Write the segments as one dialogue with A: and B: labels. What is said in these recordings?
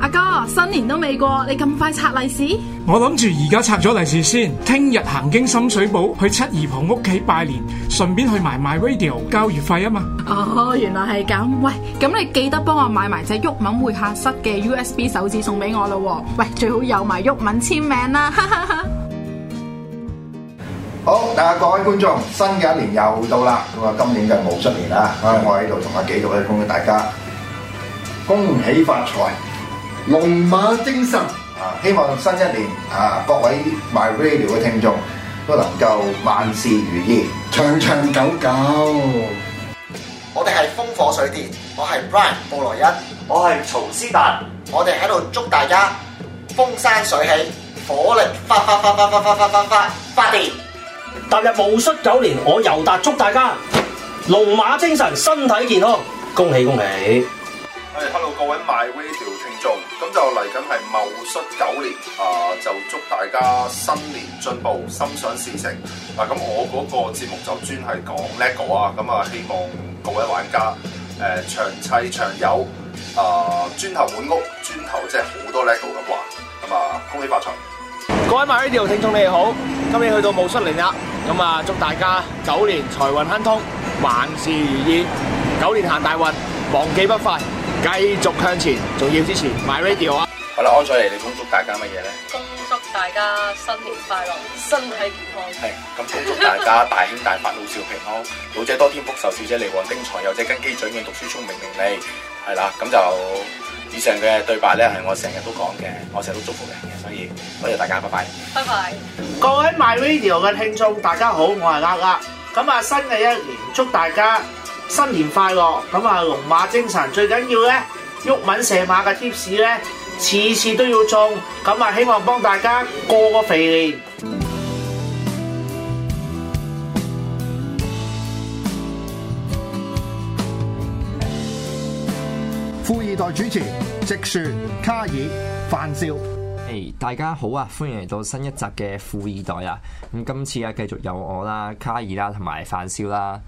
A: 阿哥，新年都未過，你咁快拆利是？
B: 我諗住而家拆咗利是先，聽日行經深水埗，去七姨婆屋企拜年，順便去埋 MyRadio 交月費啊嘛。
A: 哦，原來係咁。喂，咁你記得幫我買埋隻郁文會客室嘅 USB 手指送俾我啦。喂，最好有埋郁文簽名啦。
B: 好，大家各位觀眾，新嘅一年又到啦。咁啊，今年就冇出年啦。的我喺度同阿幾位恭喜大家，恭喜發財。龍馬精神啊！希望新一年啊，各位 my radio 嘅聽眾都能夠萬事如意，長長久久。我哋係風火水電，我係 Brian 布萊恩，我係曹思達，我哋喺度祝大家風生水起，火力發發發發發發發發發發發，Body、踏入戊戌九年，我又達祝大家龍馬精神，身體健康，恭喜恭喜！哎、hey,，hello，各位 my radio。咁就嚟緊係戊戌狗年，啊就祝大家新年進步，心想事成。嗱 popular to play appy ぎ limitations，咁我嗰個節目就專係講 Lego 啊，咁啊希望各位玩家誒長砌長有，啊磚頭滿屋，磚頭即係好多 Lego 咁話，咁啊恭喜發財！
A: 各位 MyRadio 聽眾你哋好，今年去到戊戌年啦，咁啊祝大家狗年財運亨通，萬事如意，狗年行大運，忘記不快。繼續向前，
B: 仲要支持埋 MyRadio 啊！好啦，安彩麗，你恭祝大家乜嘢咧？恭祝大家新年快樂，身體健康。係咁，恭祝大家大興大發，老少平安，老者多添福壽，少者嚟旺丁財，幼者根基準，讀書聰明伶俐。係啦，咁就以上嘅對白咧，係我成日都講嘅，我成日都祝福人嘅，所以多謝大家，拜拜。拜拜，各位 MyRadio 嘅聽眾，大家好，我係阿阿，咁啊，新嘅一年，祝大家。新年快樂！咁啊，龍馬精神，最緊要咧，鬱文射馬嘅 tips 咧，次次都要中。咁啊，希望幫大家過個肥年。富易袋主持：直船、卡爾、范少。誒，hey, 大家好啊！歡迎嚟到新一集嘅富易袋啊！咁今次啊，繼續有我啦、卡爾啦同埋范少啦。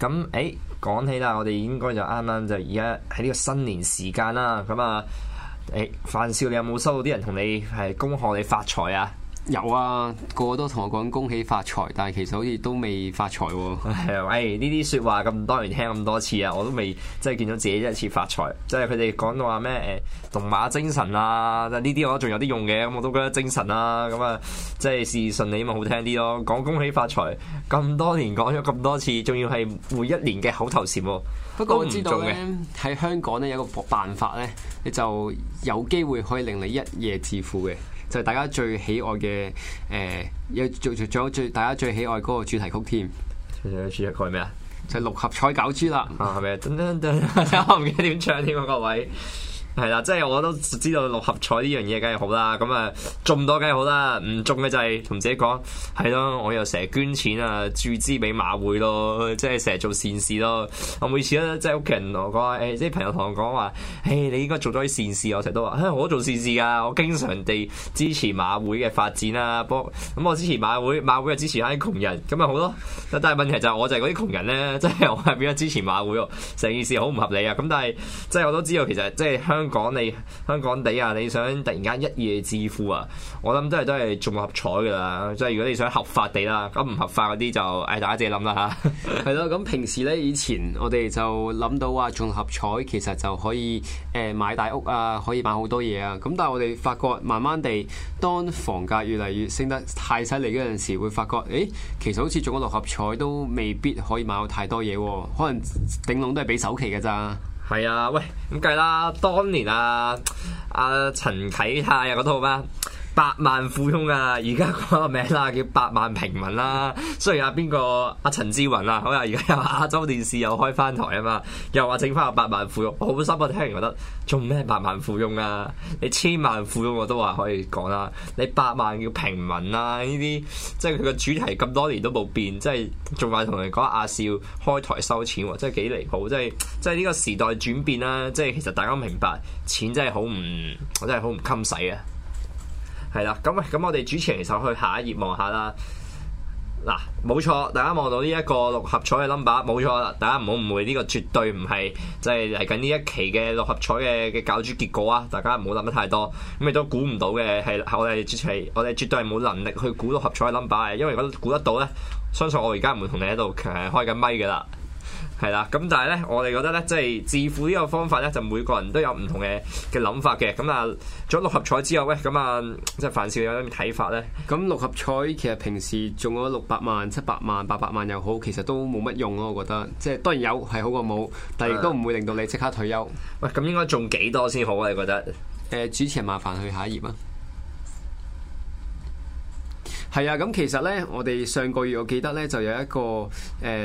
B: 咁，誒，講起啦，我哋應該就啱啱就而家喺呢個新年時間啦，咁啊，誒，范少你有冇收到啲人同你係恭賀你發財啊？有啊，個個都同我講恭喜發財，但係其實好似都未發財喎，哦。呢啲説話咁多年聽咁多次啊，我都未即係見到自己一次發財。即係佢哋講到話咩誒龍馬精神啊，但呢啲我仲有啲用嘅，咁我都覺得精神啊，咁啊即係事順利咪好聽啲咯。講恭喜發財咁多年講咗咁多次，仲要係每一年嘅口頭禪。不過不我知道咧，喺香港咧有個辦法咧，
A: 你就有機會可以令你一夜致富嘅。就係大家最喜愛嘅誒，有仲仲有最大家最喜愛嗰個主題曲添。
B: 主題曲係咩啊？就係六合彩攪珠啦，係咪？噔噔噔噔，我唔記得點唱添喎，各位。係啦，即係我都知道六合彩呢樣嘢梗係好啦，咁啊中多梗係好啦，唔中嘅就係同自己講係咯，我又成日捐錢啊注資俾馬會咯，即係成日做善事咯。我每次咧即係屋企人同我講話，即、哎、啲朋友同我講話，誒、哎、你應該做多啲善事。我成日都話，我做善事噶，我經常地支持馬會嘅發展啦，不過咁我支持馬會，馬會又支持下啲窮人，咁咪好咯。但係問題就係我就係嗰啲窮人咧，即 係我係點樣支持馬會喎？成件事好唔合理啊！咁但係即係我都知道，其實即係香港你香港地啊，你想突然間一夜致富啊？我諗都係都係中六合彩噶啦，即係如果你想合法地啦，咁唔合法嗰啲就誒、哎、大家自己諗啦吓。係咯，咁平
A: 時咧以前我哋就諗到啊，中六合彩其實就可以誒買大屋啊，可以買好多嘢啊。咁但係我哋發覺慢慢地，當房價越嚟越升得太犀利嗰陣時，會發覺誒、欸、其實好似中咗六合彩都未必可以買到太多
B: 嘢啊，可能頂籠都係俾首期噶咋。係啊，喂，咁計啦，當年啊，阿、啊、陳啟泰啊嗰套咩？那個百萬富翁啊！而家嗰個名啦、啊，叫百萬平民啦、啊。雖然阿、啊、邊個阿陳志雲啦、啊，好啦，而家有亞洲電視又開翻台啊嘛，又話整翻個百萬富翁，我好心啊，聽人覺得做咩百萬富翁啊？你千萬富翁我都話可以講啦、啊，你百萬叫平民啦、啊，呢啲即係佢個主題咁多年都冇變，即係仲話同人講阿少開台收錢、啊，真係幾離譜，即係即係呢個時代轉變啦、啊，即係其實大家明白錢真係好唔，我真係好唔襟使啊！係啦，咁咁我哋主持人其實去下一頁望下啦。嗱、啊，冇錯，大家望到呢一個六合彩嘅 number，冇錯啦。大家唔好誤會，呢個絕對唔係即係嚟緊呢一期嘅六合彩嘅嘅攪珠結果啊！大家唔好諗得太多。咁亦都估唔到嘅係，我哋主持，我哋絕對係冇能力去估六合彩嘅 number 嘅，因為如果估得到呢，相信我而家唔會同你喺度誒開緊咪嘅啦。係啦，咁但係咧，我哋覺得咧，即係致富呢個方法咧，就每個人都有唔同嘅嘅諗法嘅。咁啊，咗六合彩之後，喂，咁啊，即係范少有咩睇法咧？咁六
A: 合彩其實平時中咗六百萬、七百萬、八百萬又好，其實都冇乜用咯。我覺得即係當然有係好過冇，但係亦都唔會令到你即刻退休。喂的，咁應該中幾多先好啊？你覺得？誒、呃，主持人麻煩去下一頁啊。係啊，咁其實咧，我哋上個月我記得咧，就有一個誒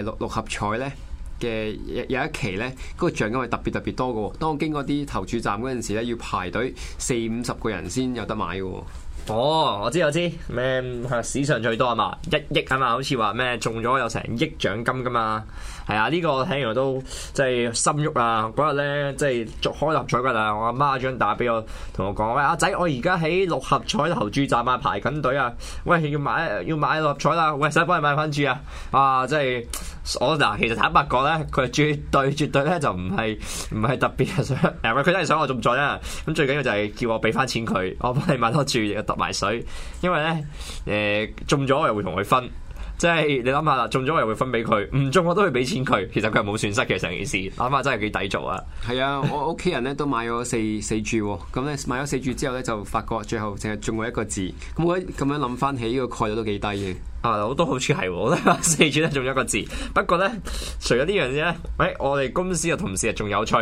A: 六、呃、六合彩咧。嘅有一期呢個獎金係特別特別多嘅喎。當我經過啲投注站嗰陣時
B: 咧，要排隊四五十個人先有得買嘅喎。哦，我知我知，咩係史上最多啊嘛，一億啊嘛，好似話咩中咗有成億獎金噶嘛，係啊，呢個睇完我都即係心喐啊！嗰日咧即係捉開六合彩噶啦，我阿媽阿張打俾我，同我講喂，阿仔我而家喺六合彩投注站啊，排緊隊啊，喂要買要買六合彩啦，喂使唔使幫你買翻注啊？哇、啊，即係我嗱，其實坦白講咧，佢絕對絕對咧就唔係唔係特別想，佢、哎、真係想我中獎啊！咁最緊要就係叫我俾翻錢佢，我幫你買多注埋水，因為咧，誒中咗我又會同佢分，即係你諗下啦，中咗我又會分俾佢，唔中我都會俾錢佢，其實佢係冇損失嘅成件事，諗下真係幾抵做啊！
A: 係啊，我屋企人咧都買咗四 四注，咁咧買咗四注之後咧就發覺最後淨係中咗一個字，咁我咁樣諗翻起呢
B: 個概率都幾低嘅。啊，好多好處係，我四注咧中咗一個字，不過咧除咗呢樣嘢咧，誒、哎、我哋公司嘅同事啊仲有趣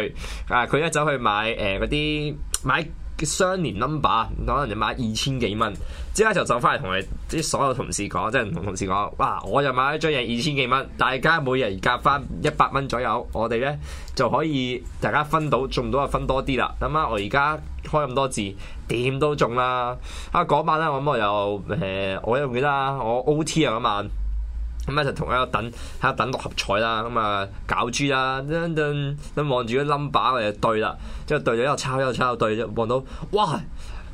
B: 啊，佢咧走去買誒嗰啲買。雙年 number，可能你買二千幾蚊，之後就走翻嚟同你，啲所有同事講，即係同同事講，哇！我又買咗張嘢二千幾蚊，大家每人夾翻一百蚊左右，我哋咧就可以大家分到，中到就分多啲啦。咁啊，我而家開咁多字，點都中啦！啊嗰晚咧，我咁我又誒、呃，我仲記得我 OT 啊嗰晚。咁就同一日等喺度等，等六合彩啦，咁、嗯、啊攪珠啦，咁望住啲 number 嘅就對啦，之後對咗又抄又抄又對，望到哇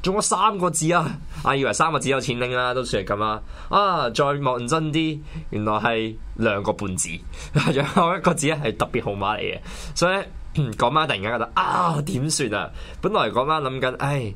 B: 中咗三個字啊！啊以為三個字有錢拎啦，都算係咁啦。啊再望真啲，原來係兩個半字，最後一個字咧係特別號碼嚟嘅，所以咧嗰晚突然間覺得，啊點算啊！本來嗰晚諗緊，唉。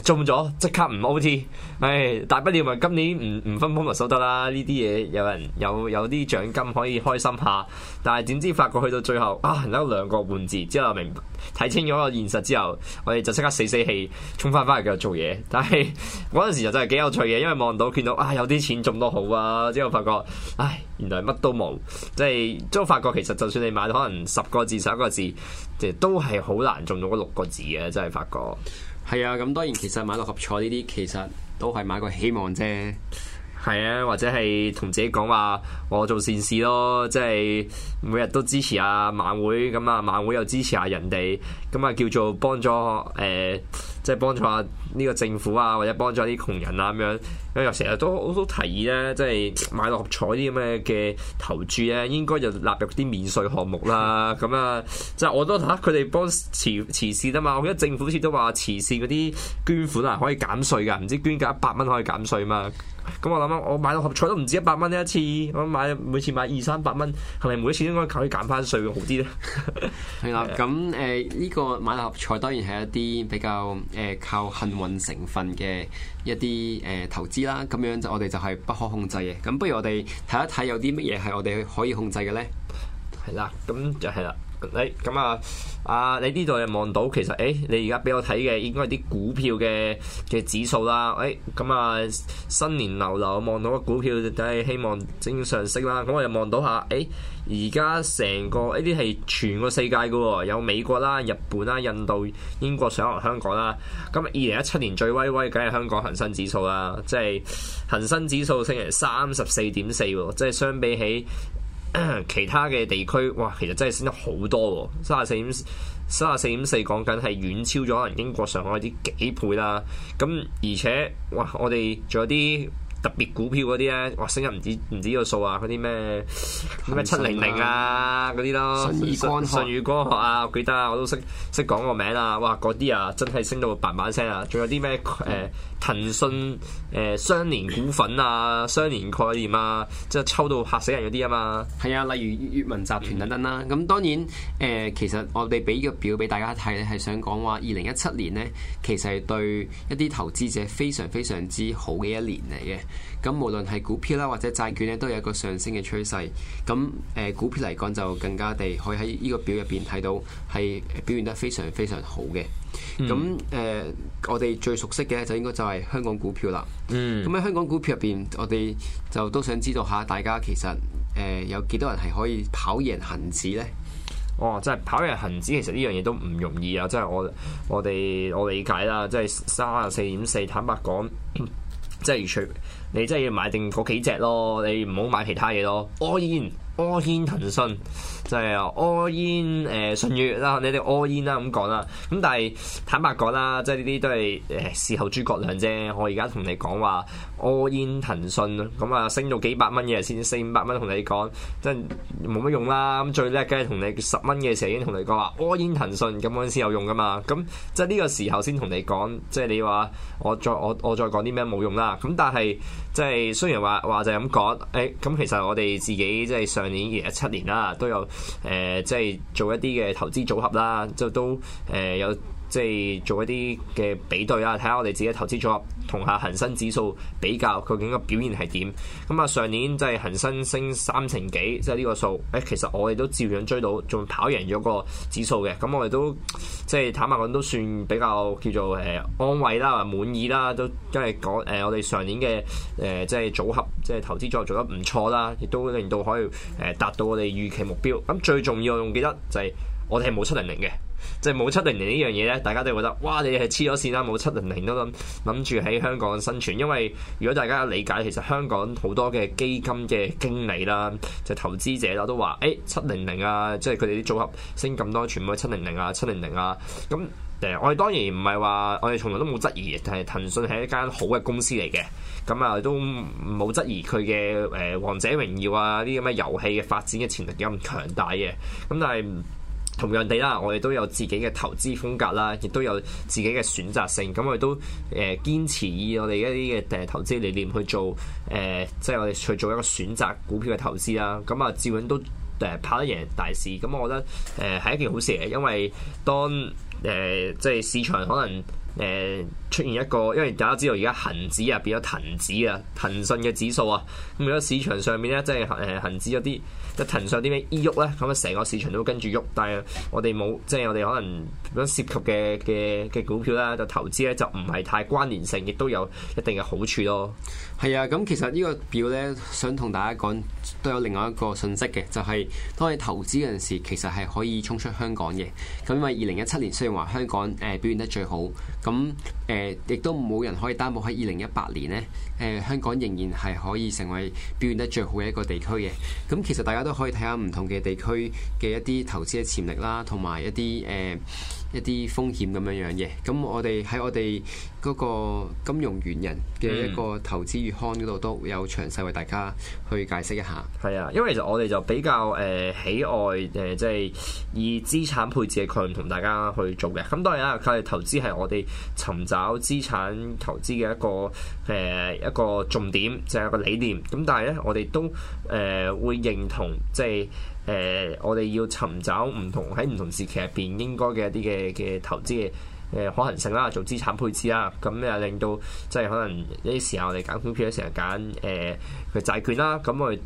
B: 中咗即刻唔 O T，唉大不了咪今年唔唔分封咪收得啦。呢啲嘢有人有有啲獎金可以開心下，但係點知發覺去到最後啊得兩個半字之後我明，明睇清咗個現實之後，我哋就即刻死死氣衝翻翻嚟繼續做嘢。但係嗰陣時就真係幾有趣嘅，因為望到見到啊有啲錢中都好啊，之後發覺唉原來乜都冇，即係都發覺其實就算你買可能十個字十一個字，其實都係好難中到嗰六個字嘅，真係發覺。係啊，咁當然其實買六合彩呢啲，其實都係買個希望啫。係啊，或者係同自己講話，我做善事咯，即係每日都支持下、啊、晚會，咁、嗯、啊晚會又支持下、啊、人哋，咁、嗯、啊叫做幫助誒。欸即係幫助下呢個政府啊，或者幫助啲窮人啊咁樣。因為成日都好好提議咧，即係買六合彩啲咁嘅嘅投注咧，應該就納入啲免稅項目啦。咁啊，即係我都嚇佢哋幫慈慈善啊嘛。我覺得政府好似都話慈善嗰啲捐款啊可以減稅㗎，唔知捐夠一百蚊可以減稅嘛？咁我諗啊，我買六合彩都唔止一百蚊一次，我買每次買二三百蚊，係咪每一次應該可以減翻稅會好啲咧？
A: 係 啊，咁
B: 誒呢個買六合彩當然係一啲
A: 比較～誒靠幸運成分嘅一啲誒、呃、投資啦，咁樣就我哋就係不可控制嘅。咁不如我哋睇一睇有啲乜嘢係我哋可以控制嘅咧？
B: 係啦，咁就係、是、啦。誒、哎、咁啊，啊你呢度又望到其實誒、哎，你而家俾我睇嘅應該係啲股票嘅嘅指數啦。誒咁啊，新年流流望到個股票，就梗係希望正上升啦。咁我又望到下誒。哎而家成個呢啲係全個世界嘅喎，有美國啦、日本啦、印度、英國、上海、香港啦。咁二零一七年最威威梗係香港恒生指數啦，即係恒生指數升成三十四點四喎，即係相比起其他嘅地區，哇，其實真係升得好多喎，三十四點三十四點四，講緊係遠超咗可能英國、上海啲幾倍啦。咁而且哇，我哋仲有啲。特別股票嗰啲咧，哇！升得唔止唔止個數啊！嗰啲咩咩七零零啊嗰啲咯，信信譽科學啊，我記得啊，我都識識講個名啦！哇，嗰啲啊真係升到啪啪聲啊！仲有啲咩誒騰訊誒雙、呃、年股份啊、雙年概念啊，即、就、係、是、抽到嚇死人嗰啲啊嘛！係啊，例如閱文集團
A: 等等啦、啊。咁、嗯、當然誒、呃，其實我哋俾個表俾大家睇咧，係想講話二零一七年呢，其實係對一啲投資者非常非常之好嘅一年嚟嘅。咁無論係股票啦或者債券咧，都有一個上升嘅趨勢。咁誒、呃、股票嚟講就更加地可以喺呢個表入邊睇到係表現得非常非常好嘅。咁誒、嗯呃、我哋最熟悉嘅就應該就係香港股票啦。咁喺、嗯、香港股票入邊，我哋就都想知道下大家其實誒、呃、有幾多人係可以跑贏恒
B: 指咧？哦，即係跑贏恒指，其實呢樣嘢都唔容易啊！即係我我哋我理解啦，即係三啊四點四，坦白講。即係除，你即係要買定嗰幾隻咯，你唔好買其他嘢咯。All in。all in 騰訊就係 all in 誒信譽啦，你哋 all in 啦咁講啦，咁但係坦白講啦，即係呢啲都係誒事後諸葛亮啫。我而家同你講話 all in 騰訊咁啊、嗯，升咗幾百蚊嘅先四五百蚊同你講，真冇乜用啦。咁最叻梗係同你十蚊嘅時候已經同你講話 all in 騰訊，咁嗰陣先有用噶嘛。咁、嗯、即係呢個時候先同你講，即係你話我再我我再講啲咩冇用啦。咁、嗯、但係即係雖然話話就係咁講，誒、欸、咁其實我哋自己即係想。上年二零一七年啦，都有誒、呃，即係做一啲嘅投資組合啦，就都誒有。呃有即係做一啲嘅比對啊，睇下我哋自己投資組合同下恒生指數比較，究竟個表現係點？咁啊上年即係恒生升三成幾，即係呢個數，誒其實我哋都照樣追到，仲跑贏咗個指數嘅。咁我哋都即係坦白講都算比較叫做誒、呃、安慰啦、滿意啦，都因為講誒我哋上年嘅誒、呃、即係組合，即係投資組合做得唔錯啦，亦都令到可以誒、呃、達到我哋預期目標。咁最重要我仲記得就係、是。我哋係冇七零零嘅，即係冇七零零呢樣嘢咧，大家都會覺得哇！你係黐咗線啦，冇七零零都諗諗住喺香港生存。因為如果大家理解，其實香港好多嘅基金嘅經理啦，就投資者啦，都話，誒七零零啊，即係佢哋啲組合升咁多，全部七零零啊，七零零啊。咁誒、呃，我哋當然唔係話我哋從來都冇質疑，但係騰訊係一間好嘅公司嚟嘅。咁啊、呃，都冇質疑佢嘅誒《王者榮耀》啊啲咁嘅遊戲嘅發展嘅潛力有咁強大嘅。咁但係。同樣地啦，我哋都有自己嘅投資風格啦，亦都有自己嘅選擇性。咁我哋都誒、呃、堅持以我哋一啲嘅誒投資理念去做誒，即、呃、係、就是、我哋去做一個選擇股票嘅投資啦。咁啊，照樣都誒跑、呃、得贏大市，咁我覺得誒係、呃、一件好事嘅，因為當誒即係市場可能。誒出現一個，因為大家知道而家恒指啊變咗騰指啊，騰訊嘅指數啊，咁如果市場上面咧，即係誒恆指有啲，即係騰上啲咩依喐咧，咁啊成個市場都跟住喐，但係我哋冇，即係我哋可能涉及嘅嘅嘅股票啦，就投資咧就唔係太關聯性，亦都有一定嘅好處咯。係啊，咁其
A: 實呢個表咧，想同大家講都有另外一個信息嘅，就係當你投資嗰陣時，其實係可以衝出香港嘅。咁因為二零一七年雖然話香港誒表現得最好。咁誒，亦都冇人可以擔保喺二零一八年呢，誒、嗯、香港仍然係可以成為表現得最好嘅一個地區嘅。咁、嗯、其實大家都可以睇下唔同嘅地區嘅一啲投資嘅潛力啦，同埋一啲誒。嗯一啲風險咁樣樣嘅，咁我哋喺我哋嗰個金融元人嘅一個投資月刊嗰度都
B: 有詳細為大家去解釋一下。係、嗯、啊，因為其實我哋就比較誒、呃、喜愛誒，即、呃、係、就是、以資產配置嘅概念同大家去做嘅。咁、嗯、當然啊，佢哋投資係我哋尋找資產投資嘅一個誒、呃、一個重點，就係、是、一個理念。咁但係咧，我哋都誒、呃、會認同即係。就是誒、呃，我哋要尋找唔同喺唔同時期入邊應該嘅一啲嘅嘅投資嘅誒可行性啦，做資產配置啦，咁、啊、誒令到即係、就是、可能呢啲時候我哋揀股票，成日揀誒佢債券啦，咁我誒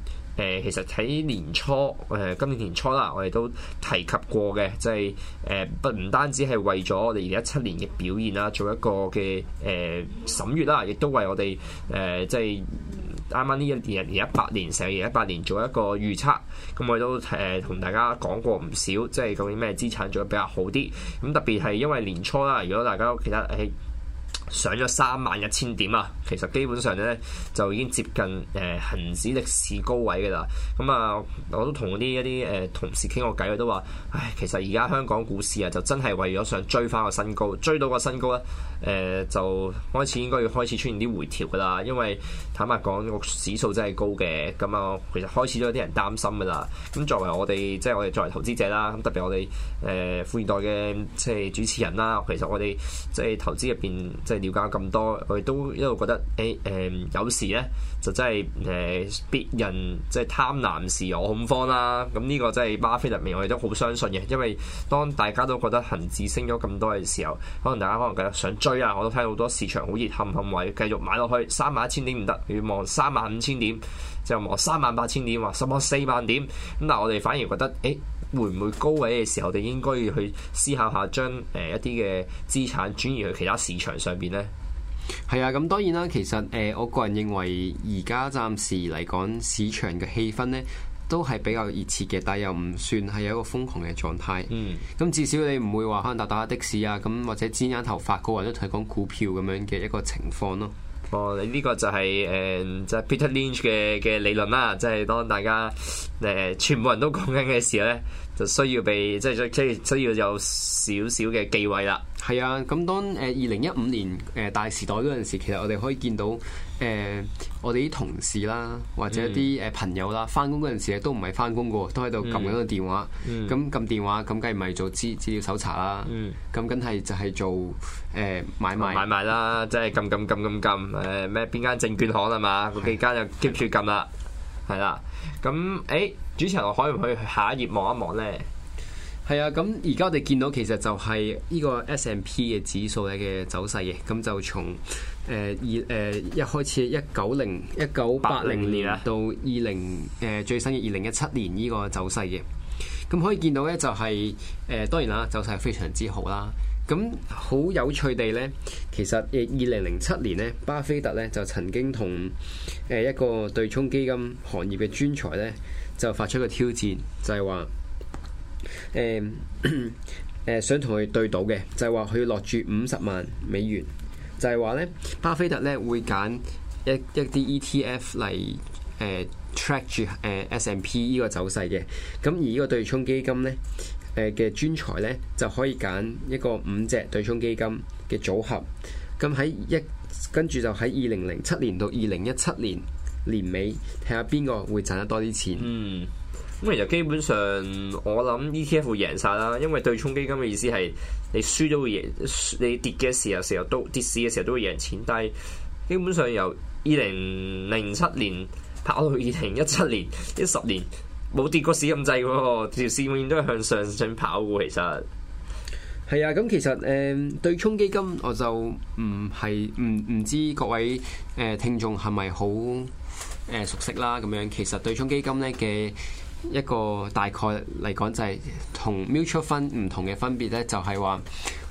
B: 其實喺年初誒、呃、今年年初啦，我哋都提及過嘅，即係誒不唔單止係為咗我哋二零一七年嘅表現啦，做一個嘅誒、呃、審閲啦，亦都為我哋誒即係。呃就是啱啱呢一年年一八年成二一八年做一個預測，咁我都誒同、呃、大家講過唔少，即係究竟咩資產做得比較好啲，咁特別係因為年初啦，如果大家其實誒。哎上咗三萬一千點啊，其實基本上咧就已經接近誒恆、呃、指歷史高位嘅啦。咁、嗯、啊，我都同啲一啲誒、呃、同事傾過偈，佢都話：「唉，其實而家香港股市啊，就真係為咗想追翻個新高，追到個新高咧，誒、呃、就開始應該要開始出現啲回調噶啦。因為坦白講，個指數真係高嘅，咁、嗯、啊，其實開始都有啲人擔心噶啦。咁、嗯、作為我哋，即係我哋作為投資者啦，咁特別我哋誒、呃、富二代嘅即係主持人啦，其實我哋即係投資入邊即瞭解咁多，我哋都一路覺得，誒、欸、誒、呃，有時咧就真係誒、呃，別人即係貪婪時，我恐慌啦。咁、嗯、呢、這個真係巴菲特入面，我哋都好相信嘅，因為當大家都覺得恒指升咗咁多嘅時候，可能大家可能覺得想追啊，我都睇到好多市場好熱冚冚位，繼續買落去，三萬一千點唔得，願望三萬五千點，就望三萬八千點，話十萬四萬點。咁但係，我哋反而覺得，誒、欸。會唔會高位嘅時候，我哋應該要去思考下，將誒一啲嘅資產轉移去其他市場上邊呢？係啊，咁當然啦。其實誒、呃，我個人認為而家
A: 暫時嚟講，市場嘅氣氛呢，都係比較熱切嘅，但係又唔算係一個瘋狂嘅狀態。嗯。咁至少你唔會話可能打打的士啊，咁或者剪眼頭髮，
B: 個人都同你講股票咁樣嘅一個情況咯。哦，你、這、呢個就係、是、誒、呃，就係、是、Peter Lynch 嘅嘅理論啦，即係當大家誒、呃、全部人都講緊嘅時候咧。就需要被即係即係需要有少少嘅忌諱啦。係啊，咁當
A: 誒二零一五年誒大時代嗰陣時，其實我哋可以見到誒、呃、我哋啲同事啦，或者啲誒朋友啦，翻工嗰陣時都唔係翻工嘅，都喺度撳緊個電話。咁撳、嗯嗯、電話咁梗係唔係做資資料搜查啦，咁梗係就係做
B: 誒買賣買賣啦，即係撳撳撳撳撳誒咩邊間證券行啊嘛，嗰幾間就 keep 住撳啦。係啦，咁誒、欸，主持人我可唔可以去下一頁望一望
A: 咧？係啊，咁而家我哋見到其實就係呢個 S&P 嘅指數咧嘅走勢嘅，咁就從誒二誒一開始一九零一九八零年到二零誒最新嘅二零一七年呢個走勢嘅，咁可以見到咧就係誒當然啦，走勢係非常之好啦。咁好有趣地呢，其實二二零零七年呢，巴菲特呢就曾經同誒一個對沖基金行業嘅專才呢，就發出個挑戰，就係話誒想同佢對賭嘅，就係話佢要落注五十萬美元，就係、是、話呢，巴菲特呢會揀一一啲 ETF 嚟誒、呃、track 住誒、呃、S&P 呢個走勢嘅，咁而呢個對沖基金呢。誒嘅專才咧，就可以揀一個五隻對沖基金嘅組合，咁喺一跟住就喺二零零七年到二零一七年
B: 年尾睇下邊個會賺得多啲錢？嗯，咁其實基本上我諗 ETF 贏晒啦，因為對沖基金嘅意思係你輸都會贏，你跌嘅時候，時候都跌市嘅時候都會贏錢，但係基本上由二零零七年跑到去二零一七年一十年。 冇跌過市咁滯喎，條線永遠都係向上進跑嘅。其實
A: 係啊，咁、嗯、其實誒、嗯、對沖基金我就唔係唔唔知各位誒、呃、聽眾係咪好誒熟悉啦？咁樣其實對沖基金咧嘅一個大概嚟講，就係同 mutual fund 唔同嘅分別咧，就係話。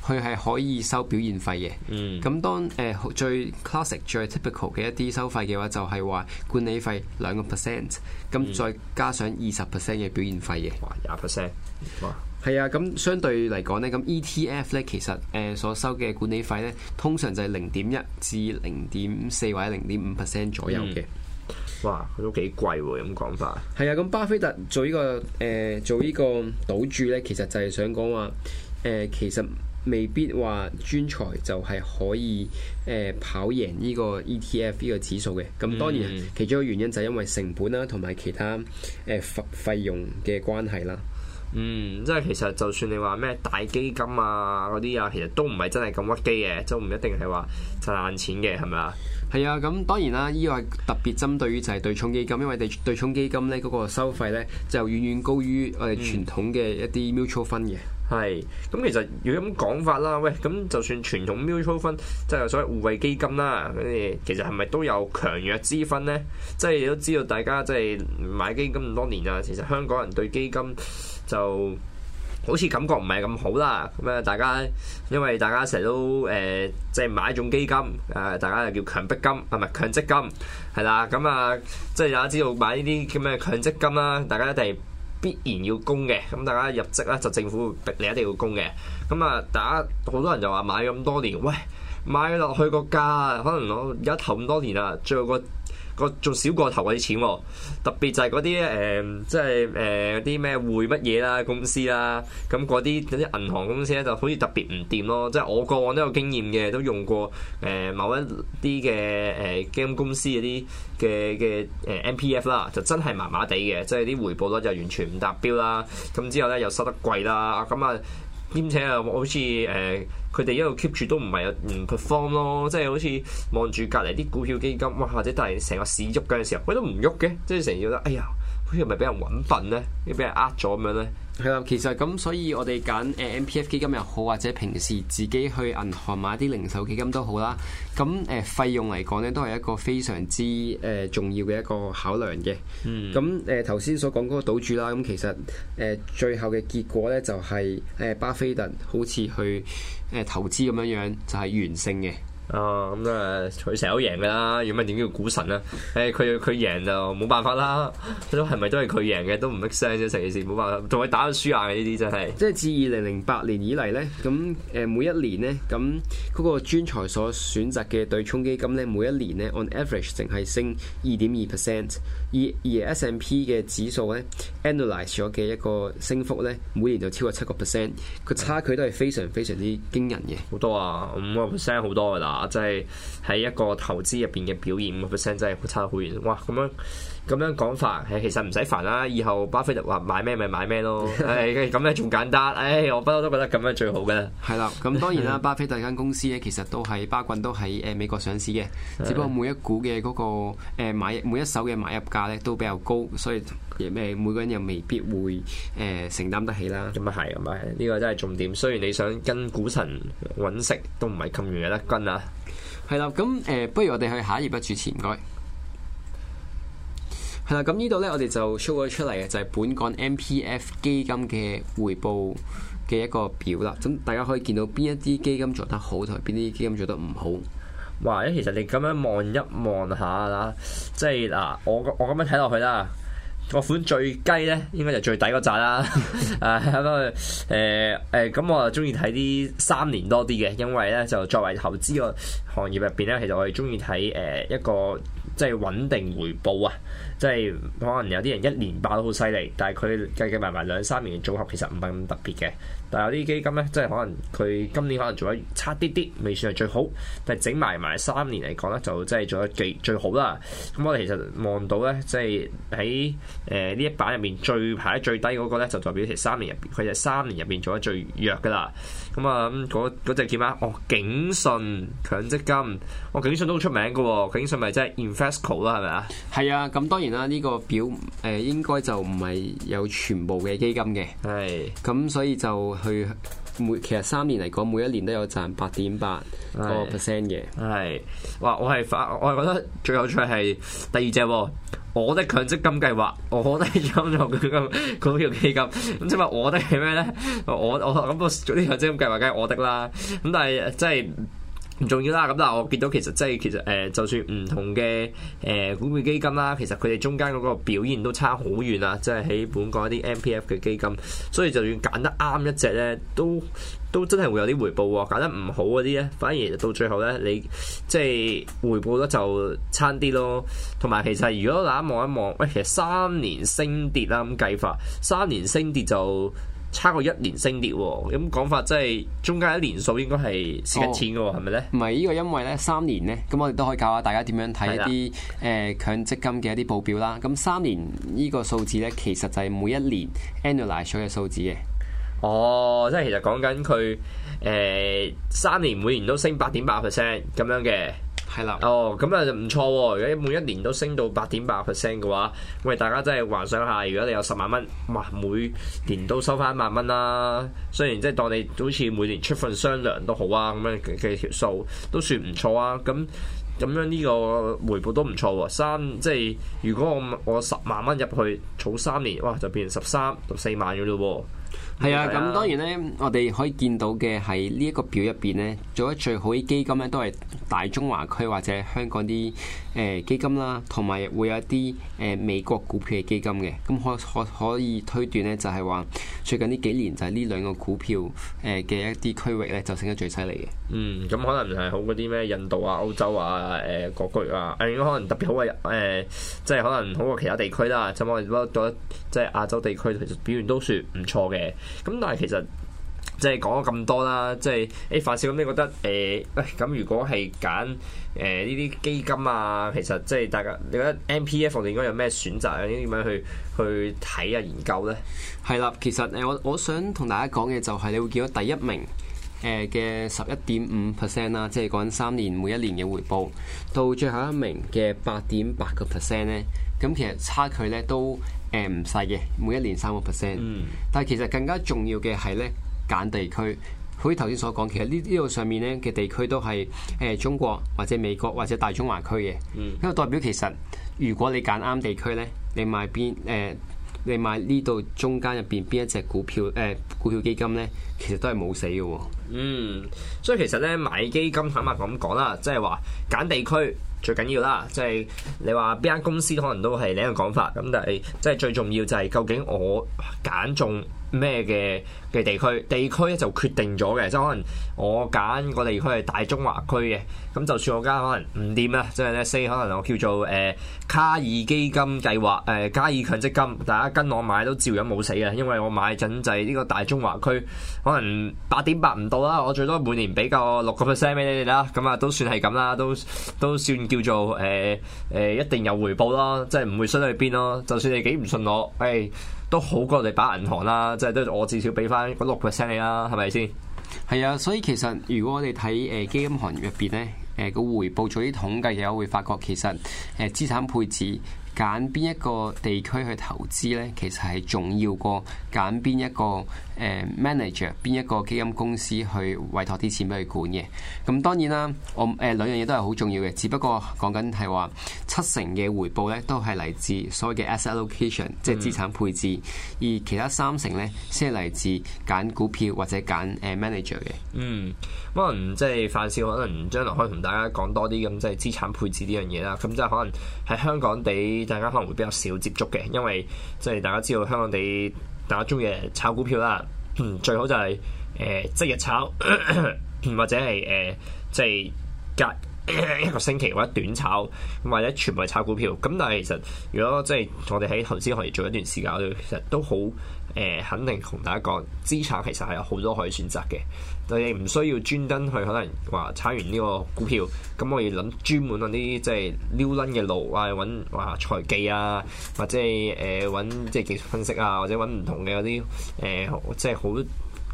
A: 佢係可以收表現費嘅。咁、嗯、當誒、呃、最 classic 最 typical 嘅一啲收費嘅話，就係話管理費兩個 percent，咁再加上二十 percent 嘅表現費嘅。哇！廿 percent，哇！係啊，咁相對嚟講呢，咁 ETF 咧其實誒、呃、所收嘅管理費咧，通常就係零點一至零點四或者零點五 percent 左右嘅、嗯。哇！都幾貴喎、啊，咁講法。係啊，咁巴菲特做呢、這個誒、呃、做呢個賭注咧，其實就係想講話誒，其實。未必話專才就係可以誒、呃、跑贏呢個 ETF 呢個指數嘅。咁當然、嗯、其
B: 中一個原因就係因為成本啦，同埋其他誒費、呃、費用嘅關係啦。嗯，即係其實就算你話咩大基金啊嗰啲啊，其實都唔係真係咁屈機嘅，就唔一定係話賺錢嘅，係咪啊？係啊，咁當然啦，呢、呢個係特別針
A: 對於就係對沖基金，因為對對沖基金咧嗰、嗰個收費咧就遠遠高於我哋傳統
B: 嘅一啲、嗯、mutual fund 嘅。係，咁其實如果咁講法啦，喂，咁就算傳統 mutual fund 即係所謂互惠基金啦，跟住其實係咪都有強弱之分呢？即係你都知道，大家即係買基金咁多年啊，其實香港人對基金就好似感覺唔係咁好啦。咁，呃，啊，大家因為大家成日都誒，即係買一種基金，誒，大家又叫強迫金，啊係咪？係強積金，係啦，咁啊，即係大家知道買呢啲叫咩強積金啦，大家一定。必然要供嘅，咁大家入職咧就政府逼你一定要供嘅，咁啊，大家好多人就話買咁多年，喂買落去個價，可能我而家投咁多年啦，最後個。個仲少過頭嗰啲錢喎，特別就係嗰啲誒，即係誒嗰啲咩匯乜嘢啦公司啦，咁嗰啲啲銀行公司咧就好似特別唔掂咯，即係我個案都有經驗嘅，都用過誒、呃、某一啲嘅誒基金公司嗰啲嘅嘅誒 M P F 啦，就真係麻麻地嘅，即係啲回報率就完全唔達標啦，咁之後咧又收得貴啦，咁啊～兼且啊，好似誒佢哋一路 keep 住都唔係唔 perform 咯，即係好似望住隔離啲股票基金，哇！或者突然成個市喐嘅時候，佢都唔喐嘅，即係成日覺得哎呀，好似係咪俾人搵笨咧？要俾人呃咗咁樣咧？
A: 係啦，其實咁，所以我哋揀誒 MPF 基金又好，或者平時自己去銀行買啲零售基金都好啦。咁誒費用嚟講咧，都係一個非常之誒、呃、重要嘅一個考量嘅。咁誒頭先所講嗰個賭注啦，咁、嗯、其實誒、呃、最後嘅結果咧就係、是、誒巴菲特好似去誒、呃、投資咁樣樣，就係、是、
B: 完勝嘅。啊咁、嗯、都係佢成日都贏嘅啦，要咩點叫股神咧？誒、欸，佢佢贏就冇辦法啦。咁都係咪都係佢贏嘅？都唔 make 聲啫，成件事冇辦法，同佢打到輸硬嘅呢啲真係。即係自二零零八年以嚟咧，咁誒每一年咧，咁嗰
A: 個專才所選擇嘅對沖基金咧，每一年咧 on average 淨係升二點二 percent，而而 S&P 嘅指數咧 analyze 咗嘅一個升幅
B: 咧，每年就超過七個 percent，個差距都係非常非常之驚人嘅。好多啊，五個 percent 好多噶啦～啊！即係喺一個投資入邊嘅表現，五 percent 真係差得好遠。哇！咁樣。咁樣講法，誒，其實唔使煩啦，以後巴菲特話買咩咪買咩咯，誒，咁咧仲簡單，誒，我不嬲都覺得咁樣最好嘅。係啦，咁當然啦，巴菲特間公司咧，
A: 其實都係巴郡都喺誒美國上市嘅，只不過每一股嘅嗰個誒買每一手嘅買入價咧都比較高，所以誒每個人又未必會誒承擔
B: 得起啦。咁啊係，咁啊係，呢個真係重點。雖然你想跟股神搵食都唔係咁容易啦，跟啊。係啦，咁誒，不如我哋去下一頁嘅主持唔該。
A: 係啦，咁呢度咧，我哋就 show 咗出嚟嘅就係、是，本港 MPF 基金嘅回報嘅一個表啦。咁大家可以見到邊一啲基金做得好，同埋邊啲
B: 基金做得唔好。哇！咧，其實你咁樣望一望、就是、下一啦，即係嗱，我我咁樣睇落去啦，個款最低咧，應該就最抵嗰扎啦。咁誒誒，咁我就中意睇啲三年多啲嘅，因為咧就作為投資個行業入邊咧，其實我係中意睇誒一個、嗯、即係穩定回報啊。即係可能有啲人一年爆得好犀利，但係佢計計埋埋兩三年嘅組合其實唔係咁特別嘅。但係有啲基金咧，即係可能佢今年可能做得差啲啲，未算係最好。但係整埋埋三年嚟講咧，就真係做得最最好啦。咁我哋其實望到咧，即係喺誒呢一版入面最排最低嗰個咧，就代表其實三年入，佢係三年入面做得最弱噶啦。咁啊，嗰隻叫咩哦，景順強積金，哦景順都好出名噶喎，景順咪即係 Invesco 啦，係咪啊？係
A: 啊，咁當然啦，呢、呢個表誒、呃、應該就唔係有全部嘅基金嘅。係是。咁所以就。佢，每其實三年嚟講，每一年都有賺八點八
B: 個 percent 嘅。係，哇！我係發，我係覺得最有趣係第二隻，我的強積金計劃，我的金融佢金，嗰條基金。咁即係話，我的係咩咧？我我咁個啲強積金計劃，梗係我的啦。咁但係即係。唔重要啦，咁但係我見到其實即係其實誒、呃，就算唔同嘅誒股票基金啦，其實佢哋中間嗰個表現都差好遠啊！即係喺本港一啲 MPF 嘅基金，所以就算揀得啱一隻咧，都都真係會有啲回報，啊，揀得唔好嗰啲咧，反而就到最後咧，你即係回報咧就差啲咯。同埋其實如果大家望一望，喂，其實三年升跌啦，咁計法，三年升跌就。差過一年升跌喎，咁講法即係中間一年數應該係蝕緊錢嘅喎，係
A: 咪咧？唔係呢個因為咧三年咧，咁我哋都可以教下大家點樣睇一啲誒的、呃、強積金嘅一啲報表啦。咁三年呢個數字咧，其實就係每一年 annualize 咗嘅數字
B: 嘅。哦，即係其實講緊佢誒三年每年都升八點八 percent 咁樣嘅。係啦，哦，咁啊唔錯喎、哦，如果每一年都升到八點八 percent 嘅話，喂，大家真係幻想下，如果你有十萬蚊，哇，每年都收翻一萬蚊啦，雖然即係當你好似每年出份雙糧都好啊，咁樣嘅條數都算唔錯啊，咁咁樣呢個回報都唔錯喎、哦，三即係如果我我十萬蚊入去，儲三年，哇，就變成十三到四萬嘅咯喎。係啊，咁當然咧，我哋可以見到嘅係呢一個表入邊咧，做得最好嘅
A: 基金咧，都係大中華區或者香港啲誒、呃、基金啦，同埋會有一啲誒、呃、美國股票嘅基金嘅，咁可可可以推斷咧，就係、是、話最近呢幾年就係呢兩個股票誒嘅一啲區域咧，就升得最犀利嘅。
B: 嗯，咁可能係好嗰啲咩印度啊、歐洲啊、誒、呃、各國啊，誒可能特別好係誒、呃，即係可能好過其他地區啦。咁我哋覺得，即係亞洲地區，其實表現都算唔錯嘅。咁、嗯、但係其實即係講咗咁多啦，即係誒、哎，范少咁你覺得誒，咁、呃哎、如果係揀誒呢啲基金啊，其實即係大家你覺得 M P F 嗰邊應該有咩選擇啊？應該點樣去去睇啊研究咧？係啦，其實誒，我
A: 我想同大家講嘅就係你會見到第一名誒嘅十一點五 percent 啦，即係講緊三年每一年嘅回報，到最後一名嘅八點八個 percent 咧，咁其實差距咧都。誒唔細嘅，每一年三個 percent。但係其實更加重要嘅係咧，揀地區。好似頭先所講，其實呢呢度上面咧嘅地區都係誒、呃、中國或者美國或者大中華區嘅。因為、嗯、代表其實，如果你揀啱地區咧，你買邊誒、呃，你買呢度中間入邊邊一隻股票
B: 誒、呃、股票基金咧，其實都係冇死嘅、哦。嗯，所以其實咧買基金，坦白咁講啦，即係話揀地區。最緊要啦，即係你話邊間公司可能都係你一個講法咁，但係即係最重要就係究竟我揀中咩嘅嘅地區，地區咧就決定咗嘅，即係可能我揀個地區係大中華區嘅，咁就算我間可能唔掂啦，即係咧 say 可能我叫做誒卡、呃、爾基金計劃誒、呃、卡爾強積金，大家跟我買都照樣冇死啊，因為我買緊就係呢個大中華區，可能八點八唔到啦，我最多每年俾個六個 percent 俾你哋啦，咁啊都算係咁啦，都都算叫做誒誒、呃呃、一定有回報咯，即係唔會衰去邊咯，就算你幾唔信我，誒、欸。都好過我哋打銀行啦，即係都我至少俾翻六 percent 你啦，係咪先？係啊，所以其實如果我哋睇誒基金
A: 行業入邊咧，誒個回報做啲統計嘅話，我會發覺其實誒資產配置。揀邊一個地區去投資呢？其實係重要過揀邊一個誒 manager，邊一個基金公司去委託啲錢俾佢管嘅。咁當然啦，我誒、呃、兩樣嘢都係好重要嘅，只不過講緊係話七成嘅回報咧，都係嚟自所謂嘅 asset allocation，即係資產配置，嗯、而其他三成呢，先係嚟自揀股票或者揀誒 manager 嘅。
B: 嗯，可能即係范少，可能將來可以同大家講多啲咁即係資產配置呢樣嘢啦。咁即係可能喺香港地。大家可能會比較少接觸嘅，因為即係大家知道香港地，大家鍾意炒股票啦，最好就係、是、誒、呃、即日炒， 或者係誒、呃、即係隔。 一個星期或者短炒，或者全部係炒股票。咁但係其實，如果即係我哋喺投資行業做一段時間，我哋其實都好誒，肯定同大家講，資產其實係有好多可以選擇嘅。但你唔需要專登去可能話炒完呢個股票，咁我要諗專門揾啲即係撩撚嘅路啊，揾話財技啊，或者係誒揾即係技術分析啊，或者揾唔同嘅嗰啲誒即係好。呃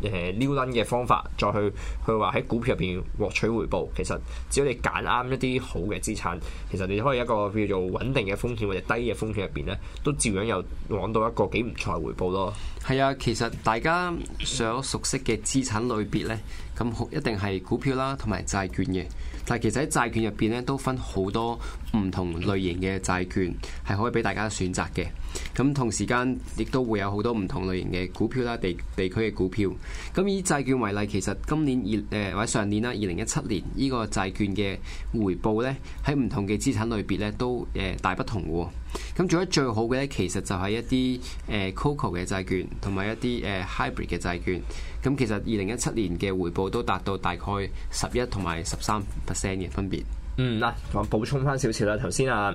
B: 誒撩單嘅方法，再去去話喺股票入邊獲取回報。其實只要你揀啱一啲好嘅資產，其實你可以一個叫做穩定嘅風險或者低嘅風險入邊咧，都照樣有攞到一個幾唔錯嘅回報咯。係啊，其實大
A: 家想熟悉嘅資產類別咧，咁一定係股票啦，同埋債券嘅。但係其實喺債券入邊咧，都分好多唔同類型嘅債券係可以俾大家選擇嘅。咁同時間亦都會有好多唔同類型嘅股票啦，地地區嘅股票。咁以債券為例，其實今年二誒或者上年啦，二零一七年呢個債券嘅回報咧，喺唔同嘅資產類別咧都誒大不同喎。咁做得最好嘅咧，其實就係一啲誒 Coco 嘅債券，同埋一啲誒 Hybrid 嘅債券。咁其實二零一七年嘅回報都達到大概十一同埋十三
B: percent 嘅分別。嗯，嗱，我補充翻少少啦。頭先啊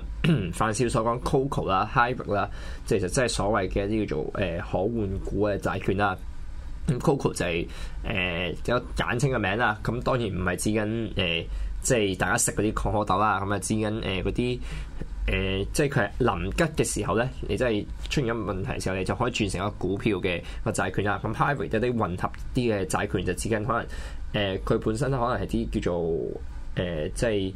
B: 范少所講 Coco 啦、Hybrid 啦，即係其實即係所謂嘅一啲叫做誒可換股嘅債券啦。咁、嗯、Coco 就係、是、誒、呃、有簡稱嘅名啦。咁當然唔係指緊誒、呃、即係大家食嗰啲可可豆啦，咁啊指緊誒嗰啲。呃誒、呃，即係佢係臨急嘅時候咧，你真係出現咗問題嘅時候，你就可以轉成一個股票嘅個債券啦。咁、啊嗯、Hybrid 有啲混合啲嘅債券就之間可能誒，佢、呃、本身可能係啲叫做誒、呃，即係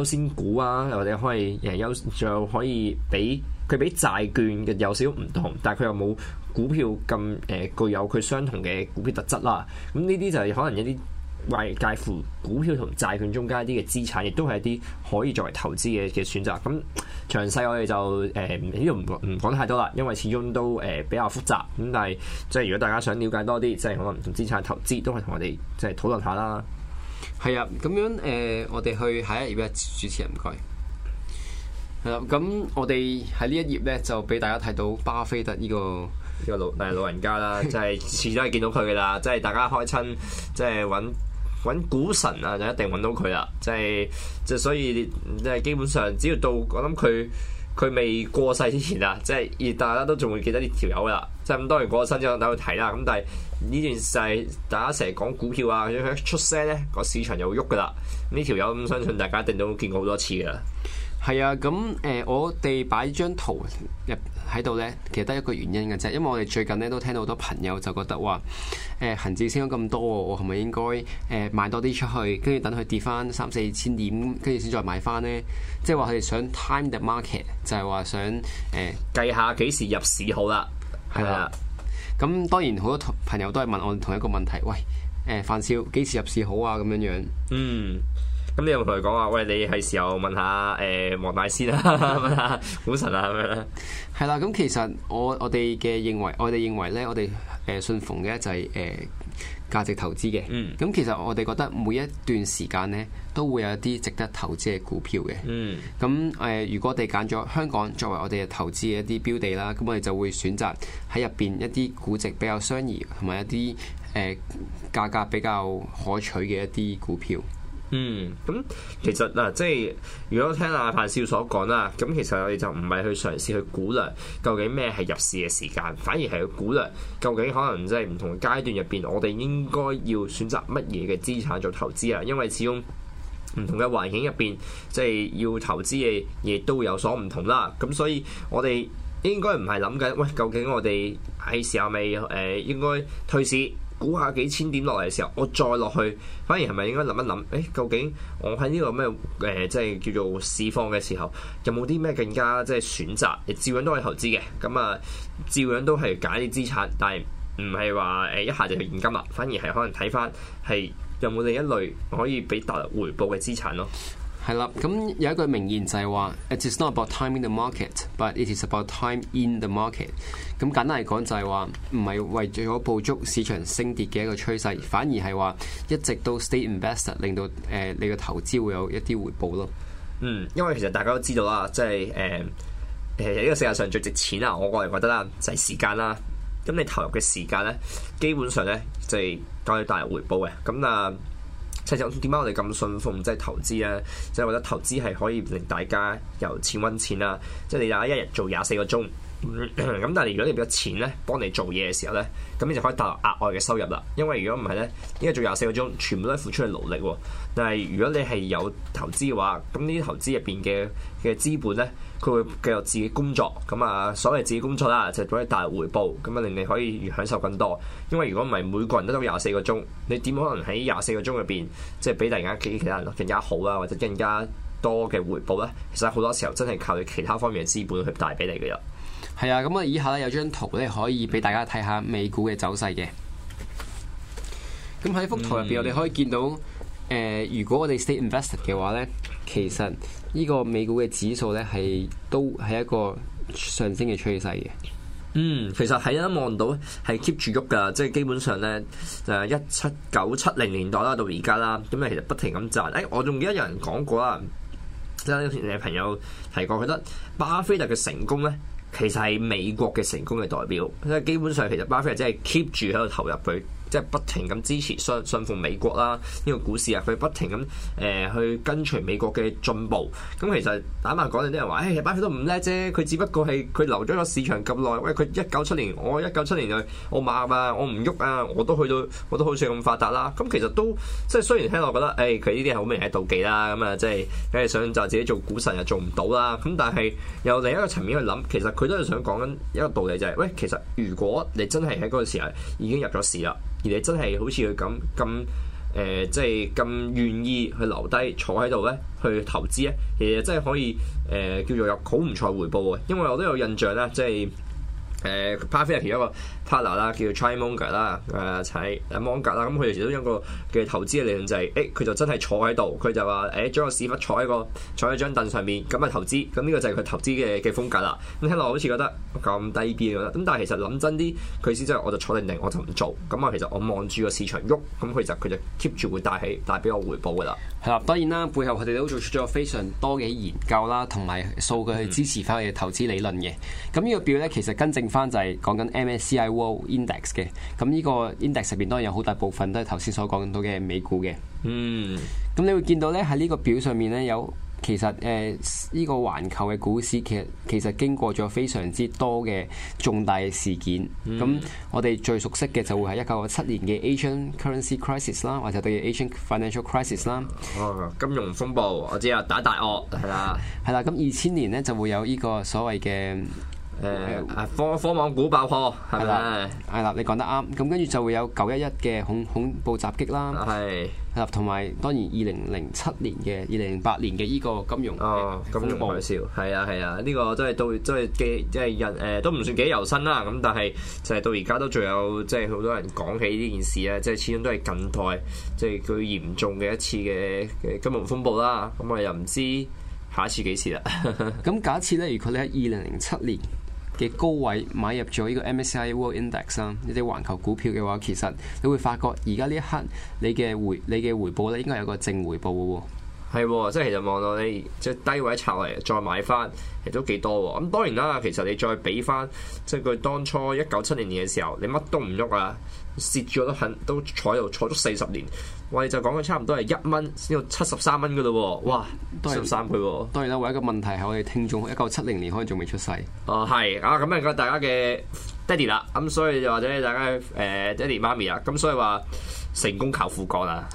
B: 優先股啊，或者可以誒、呃、優，仲可以俾佢俾債券嘅有少少唔同，但係佢又冇股票咁誒、呃，具有佢相同嘅股票特質啦。咁呢啲就係可能一啲。介乎股票同債券中間一啲嘅資產，亦都係一啲可以作為投資嘅嘅選擇。咁詳細我哋就誒呢度唔唔講太多啦，因為始終都誒、呃、比較複雜。咁但係即係如果大家想了解多啲，即係可能唔同資產投資都係同我哋即係討論下啦。係啊，咁樣誒、呃，我哋去下一頁嘅，主持人唔該。係啦，咁我哋喺呢一頁咧就俾大家睇到巴菲特呢、這個呢 個老大老人家啦，即、就、係、是、始終係見到佢噶啦，即、就、係、是、大家開親即係搵。就是揾股神啊，就一定揾到佢啦，即係即係所以即係基本上，只要到我諗佢佢未過世之前啊，即係而大家都仲會記得呢條友噶啦，即係咁多年過身之後等佢睇啦。咁但係呢件事，大家成日講股票啊，佢果一出聲咧，個市場又喐噶啦。呢條友咁相信大家一定都見過好多次噶啦。係啊，咁誒，我哋擺
A: 張圖入。喺度呢，其實得一個原因嘅啫。因為我哋最近呢都聽到好多朋友就覺得話，誒、呃、恆指升咗咁多，我係咪應該誒、呃、買多啲出去，跟住等佢跌翻三四千點，跟住先再買翻呢。即係話佢哋想 time the market，就係話想誒、呃、
B: 計下幾時入市好
A: 啦。係啦，咁當然好多同朋友都係問我同一個問題，喂誒范、呃、少幾時入市好啊？咁樣樣嗯。咁你有冇同佢講話，喂，你係時候問下誒黃大師啦、股、欸啊、神啦咁樣。係啦，咁其實我我哋嘅認為，我哋認為咧，我哋誒、呃、信奉嘅就係、是、誒、呃、價值投資嘅。嗯。咁其實我哋覺得每一段時間咧，都會有一啲值得投資嘅股票嘅。嗯。咁誒、呃，如果我哋揀咗香港作為我哋投資嘅一啲標地啦，咁我哋就會選擇喺入邊一啲估值比較相宜
B: 同埋一啲誒、呃、價格比較可取嘅一啲股票。嗯，咁、嗯、其實嗱、啊，即係如果聽阿、啊、范少所講啦，咁其實我哋就唔係去嘗試去估量究竟咩係入市嘅時間，反而係去估量究竟可能即係唔同階段入邊，我哋應該要選擇乜嘢嘅資產做投資啊？因為始終唔同嘅環境入邊，即、就、係、是、要投資嘅嘢都有所唔同啦。咁所以我哋應該唔係諗緊，喂，究竟我哋喺時候未誒、呃、應該退市？估下幾千點落嚟嘅時候，我再落去，反而係咪應該諗一諗？誒，究竟我喺呢個咩誒，即係叫做市況嘅時候，有冇啲咩更加即係選擇？亦照樣都可以投資嘅，咁啊，照樣都係揀啲資產，但係唔係話誒一下就去現金啦，反而係可能睇翻係有冇另一類可以俾大回
A: 報嘅資產咯。係啦，咁有一句名言就係話，It is not about timing the market，but it is about time in the market。咁簡單嚟講就係話，唔係為咗捕捉市場升跌嘅一個趨勢，反而係話一直都 stay invested，令到誒、呃、你嘅
B: 投資會有一啲回報咯。嗯，因為其實大家都知道啦，即係誒誒呢個世界上最值錢啊，我個人覺得啦就係、是、時間啦。咁你投入嘅時間咧，基本上咧就係可以帶嚟回報嘅。咁啊。其實點解我哋咁信奉即係投資咧？即係覺得投資係可以令大家由錢揾錢啦。即係你大家一日做廿四個鐘。咁 但係如果你俾咗錢咧，幫你做嘢嘅時候咧，咁你就可以帶來額外嘅收入啦。因為如果唔係咧，依家做廿四個鐘，全部都係付出嘅勞力，哦。但係如果你係有投資嘅話，咁呢啲投資入邊嘅嘅資本咧，佢會繼續自己工作咁啊。所謂自己工作啦，就係、是、可以帶嚟回報，咁啊令你可以享受更多。因為如果唔係每個人都得廿四個鐘，你點可能喺廿四個鐘入邊即係俾大家間其，其他人更加好啊，或者更加多嘅回報咧？其實好多時候真係靠你其他方面嘅資本去帶俾你嘅。係啊，咁我以下咧有張圖咧可以俾大家睇下美股嘅走勢嘅。
A: 咁喺幅圖入邊，我哋可以見到，誒，如果我哋 stay invested 嘅話咧，其實呢個美股嘅指數咧係都係一個
B: 上升嘅趨勢嘅。嗯，其實喺一望到係 keep 住喐噶，即係基本上咧誒一七九七零年代啦，到而家啦，咁咧其實不停咁賺。誒、哎，我仲記得有人講過啦，即係你朋友提過，佢覺得巴菲特嘅成功咧。其實係美國嘅成功嘅代表，所以基本上其實巴菲特真係 keep 住喺度投入佢。即係不停咁支持相、信信奉美國啦，呢、這個股市啊，佢不停咁誒、呃、去跟隨美國嘅進步。咁其實打埋嗰陣啲人話，誒巴菲特都唔叻啫，佢只不過係佢留咗個市場咁耐。喂，佢一九七年，我一九七年去，我冇啊，我唔喐啊，我都去到，我都好似咁發達啦。咁、嗯、其實都即係雖然聽落覺得，誒佢呢啲係好明顯係妒忌啦。咁、嗯、啊，即係佢係想就自己做股神做又做唔到啦。咁但係由另一個層面去諗，其實佢都係想講緊一個道理就係、是，喂，其實如果你真係喺嗰個時候已經入咗市啦。而你真係好似佢咁咁誒，即係咁願意去留低坐喺度咧，去投資咧，其實真係可以誒、呃，叫做有好唔錯回報啊！因為我都有印象咧，即係。誒，巴菲特、er, 有係一個 partner 啦，叫 Charlie Munger 啦，阿柴阿 Munger 啦，咁佢哋其中一個嘅投資嘅理論就係，誒，佢就真係坐喺度，佢就話，誒，將個屎忽坐喺個坐喺張凳上面，咁啊投資，咁呢個就係佢投資嘅嘅風格啦。咁聽落好似覺得咁低 B 啊，咁但係其實諗真啲，佢先真即係，我就坐定定，我就唔做，咁啊，其實我望住個市場喐，咁佢就佢就 keep 住會帶起帶俾我回報噶啦。係啦，當然啦，背後佢哋都做出咗非常多嘅研究啦，同埋數據去支持翻佢嘅投資理
A: 論嘅。咁呢個表咧，其實跟正。翻就係講緊 MSCI World Index 嘅，咁呢個 index 入邊當然有好大部分都係頭先所講到嘅美股嘅。
B: 嗯，
A: 咁你會見到咧喺呢個表上面咧有，其實誒呢個環球嘅股市其實其實經過咗非常之多嘅重大嘅事件。咁、嗯、我哋最熟悉嘅就會係一九九七年嘅 Asian Currency Crisis 啦，或者例如 Asian Financial Crisis 啦。金融風暴，我知啊，打大鱷係啦，係啦。咁二千年咧就會有呢個所謂嘅。誒、嗯，科科網股爆破係咪？係啦，你講得啱。咁跟住就會有九一一嘅恐恐怖襲擊啦。係啦是，同埋當然二零零七
B: 年嘅、二零零八年嘅呢個金融嘅風暴。係啊係啊，呢、啊啊這個真係到真係幾真係人誒，都唔、呃、算幾猶新啦。咁但係就係到而家都仲有，即係好多人講起呢件事啊。即係始終都係近代即係最嚴重嘅一次嘅金融風暴啦。咁我又唔知下一次幾時啦。咁 假設咧，如果你喺二零零
A: 七年。嘅高位買入咗呢個 MSCI World Index 啦、啊，你啲環球股票嘅話，
B: 其實你會發覺而家呢一刻你嘅回你嘅回報咧，應該有個正回報喎、哦。係、哦，即係其實望落你即係低位拆嚟，再買翻其實都幾多。咁當然啦，其實你再比翻即係佢當初一九七零年嘅時候，你乜都唔喐啊！蝕咗都肯，都坐喺度坐咗四十年。我哋就講佢差唔多係一蚊，先到七十三蚊噶咯喎！哇，都係七十三倍喎。當然啦，唯一個問題係我哋聽眾，一九七零年開始仲未出世。哦，係啊，咁啊，大家嘅爹地啦，咁、嗯、所以就或者大家誒爹地媽咪啊，咁所以話成功靠父幹啊。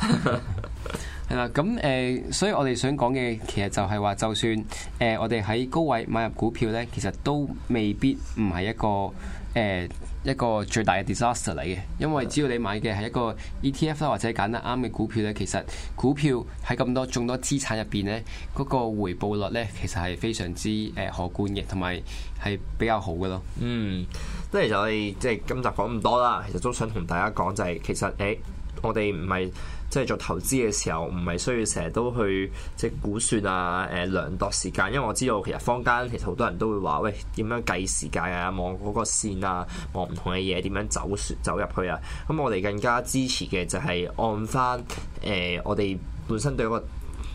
B: 係啦， 咁誒、呃，
A: 所以我哋想講嘅其實就係話，就算誒、呃、我哋喺高位買入股票咧，其實都未必唔係一個誒。呃呃一個最大嘅 disaster 嚟嘅，因為只要你買嘅係一個 ETF 啦，或者揀得啱嘅股票呢，其實股票喺咁多眾多資產入邊呢，嗰、那個回報率呢，其實係非常之誒、呃、可觀嘅，同埋
B: 係比較好嘅咯。嗯，即係其實我哋，即係今集講咁多啦，其實都想同大家講就係、是、其實誒、欸，我哋唔係。即係做投資嘅時候，唔係需要成日都去即估算啊、誒、呃、量度時間，因為我知道其實坊間其實好多人都會話：喂，點樣計時間啊？望嗰個線啊，望唔同嘅嘢點樣走走入去啊？咁、嗯、我哋更加支持嘅就係按翻誒、呃、我哋本身對個。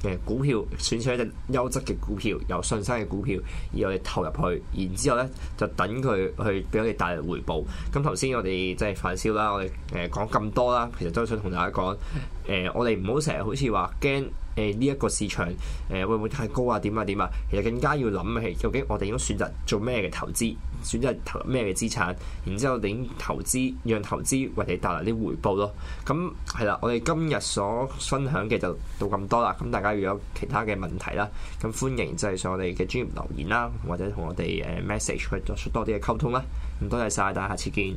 B: 誒股票選取一隻優質嘅股票，有信心嘅股票，然後我哋投入去，然之後咧就等佢去俾我哋帶嚟回報。咁頭先我哋即係反燒啦，我哋誒講咁多啦，其實都想同大家講，誒、呃、我哋唔好成日好似話驚誒呢一個市場誒、呃、會唔會太高啊？點啊點啊，其實更加要諗係究竟我哋應該選擇做咩嘅投資。選擇投咩嘅資產，然之後點投資，讓投資為你帶來啲回報咯。咁係啦，我哋今日所分享嘅就到咁多啦。咁大家如果有其他嘅問題啦，咁歡迎就係上我哋嘅專業留言啦，或者同我哋誒 message 去作出多啲嘅溝通啦。咁多謝晒，大家下次見。